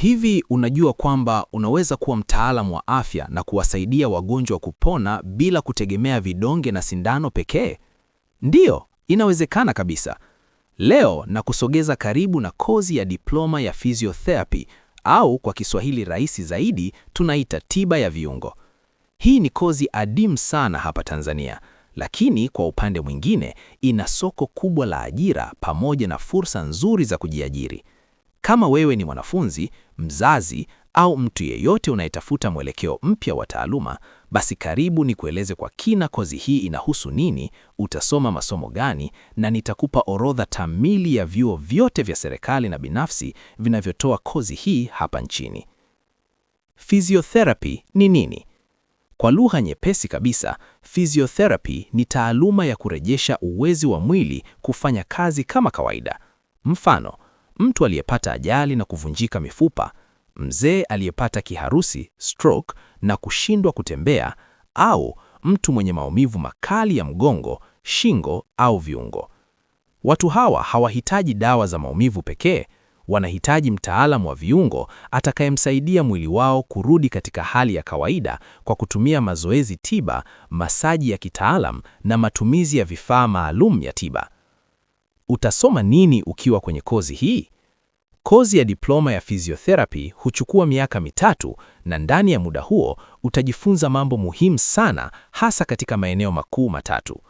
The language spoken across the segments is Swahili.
Hivi unajua kwamba unaweza kuwa mtaalamu wa afya na kuwasaidia wagonjwa kupona bila kutegemea vidonge na sindano pekee? Ndiyo, inawezekana kabisa. Leo na kusogeza karibu na kozi ya diploma ya physiotherapy au kwa Kiswahili rahisi zaidi tunaita tiba ya viungo. Hii ni kozi adimu sana hapa Tanzania, lakini kwa upande mwingine ina soko kubwa la ajira pamoja na fursa nzuri za kujiajiri. Kama wewe ni mwanafunzi, mzazi au mtu yeyote unayetafuta mwelekeo mpya wa taaluma, basi karibu ni kueleze kwa kina kozi hii inahusu nini, utasoma masomo gani, na nitakupa orodha kamili ya vyuo vyote vya serikali na binafsi vinavyotoa kozi hii hapa nchini. Physiotherapy ni nini? Kwa lugha nyepesi kabisa, physiotherapy ni taaluma ya kurejesha uwezo wa mwili kufanya kazi kama kawaida. Mfano, mtu aliyepata ajali na kuvunjika mifupa, mzee aliyepata kiharusi stroke na kushindwa kutembea, au mtu mwenye maumivu makali ya mgongo, shingo au viungo. Watu hawa hawahitaji dawa za maumivu pekee, wanahitaji mtaalamu wa viungo atakayemsaidia mwili wao kurudi katika hali ya kawaida kwa kutumia mazoezi tiba, masaji ya kitaalam na matumizi ya vifaa maalum ya tiba. Utasoma nini ukiwa kwenye kozi hii? Kozi ya diploma ya physiotherapy huchukua miaka mitatu na ndani ya muda huo utajifunza mambo muhimu sana hasa katika maeneo makuu matatu.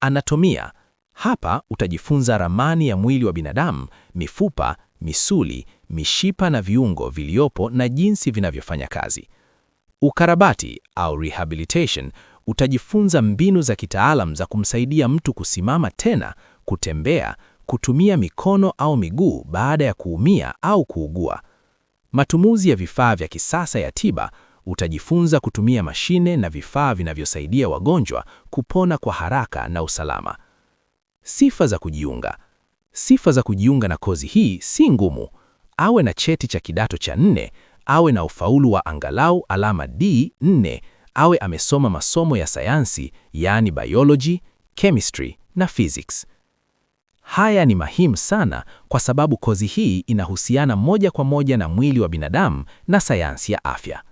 Anatomia. Hapa utajifunza ramani ya mwili wa binadamu, mifupa, misuli, mishipa na viungo viliopo na jinsi vinavyofanya kazi. Ukarabati au rehabilitation, utajifunza mbinu za kitaalam za kumsaidia mtu kusimama tena kutembea, kutumia mikono au miguu baada ya kuumia au kuugua. Matumizi ya vifaa vya kisasa ya tiba, utajifunza kutumia mashine na vifaa vinavyosaidia wagonjwa kupona kwa haraka na usalama. Sifa za kujiunga. Sifa za kujiunga na kozi hii si ngumu. Awe na cheti cha kidato cha nne, awe na ufaulu wa angalau alama D4, awe amesoma masomo ya sayansi, yaani biology, chemistry na physics. Haya ni muhimu sana kwa sababu kozi hii inahusiana moja kwa moja na mwili wa binadamu na sayansi ya afya.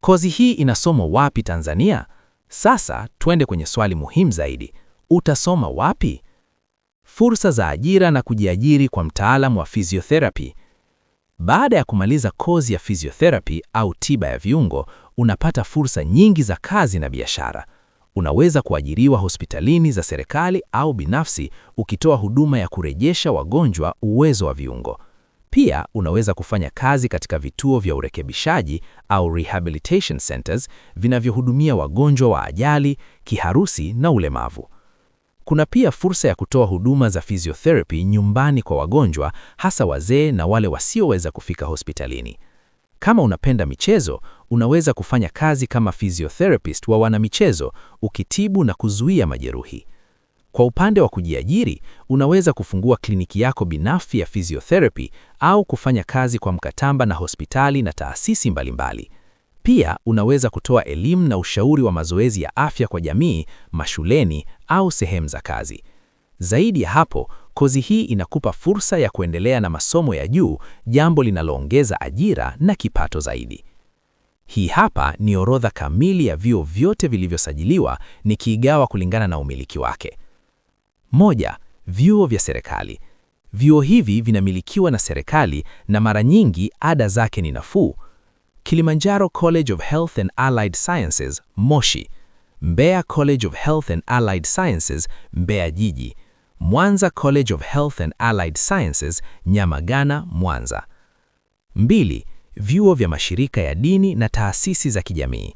Kozi hii inasomwa wapi Tanzania? Sasa twende kwenye swali muhimu zaidi. Utasoma wapi? Fursa za ajira na kujiajiri kwa mtaalamu wa physiotherapy. Baada ya kumaliza kozi ya physiotherapy au tiba ya viungo, unapata fursa nyingi za kazi na biashara. Unaweza kuajiriwa hospitalini za serikali au binafsi ukitoa huduma ya kurejesha wagonjwa uwezo wa viungo. Pia unaweza kufanya kazi katika vituo vya urekebishaji au rehabilitation centers vinavyohudumia wagonjwa wa ajali, kiharusi na ulemavu. Kuna pia fursa ya kutoa huduma za physiotherapy nyumbani kwa wagonjwa, hasa wazee na wale wasioweza kufika hospitalini. Kama unapenda michezo, unaweza kufanya kazi kama physiotherapist wa wanamichezo, ukitibu na kuzuia majeruhi. Kwa upande wa kujiajiri, unaweza kufungua kliniki yako binafsi ya physiotherapy au kufanya kazi kwa mkataba na hospitali na taasisi mbalimbali. Pia unaweza kutoa elimu na ushauri wa mazoezi ya afya kwa jamii, mashuleni au sehemu za kazi. Zaidi ya hapo, Kozi hii inakupa fursa ya kuendelea na masomo ya juu, jambo linaloongeza ajira na kipato zaidi. Hii hapa ni orodha kamili ya vyuo vyote vilivyosajiliwa nikiigawa kulingana na umiliki wake. Moja, vyuo vya serikali. Vyuo hivi vinamilikiwa na serikali na mara nyingi ada zake ni nafuu. Kilimanjaro College of Health and Allied Sciences, Moshi. Mbeya College of Health and Allied Sciences, Mbeya Jiji. Mwanza College of Health and Allied Sciences, Nyamagana, Mwanza. Mbili, Vyuo vya mashirika ya dini na taasisi za kijamii.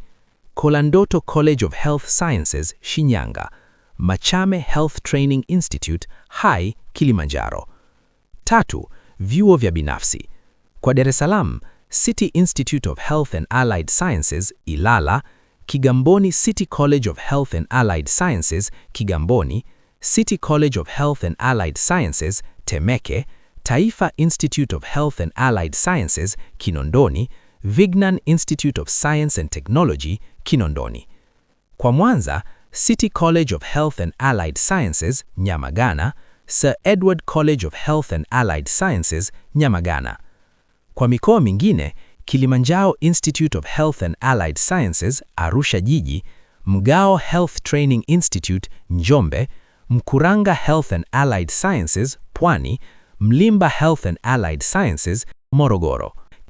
Kolandoto College of Health Sciences, Shinyanga. Machame Health Training Institute, Hai, Kilimanjaro. Tatu, Vyuo vya binafsi. Kwa Dar es Salaam, City Institute of Health and Allied Sciences, Ilala, Kigamboni City College of Health and Allied Sciences, Kigamboni. City College of Health and Allied Sciences Temeke, Taifa Institute of Health and Allied Sciences Kinondoni, Vignan Institute of Science and Technology Kinondoni. Kwa Mwanza, City College of Health and Allied Sciences Nyamagana, Sir Edward College of Health and Allied Sciences Nyamagana. Kwa mikoa mingine, Kilimanjaro Institute of Health and Allied Sciences Arusha Jiji, Mgao Health Training Institute Njombe, Mkuranga Health and Allied Sciences Pwani, Mlimba Health and Allied Sciences Morogoro.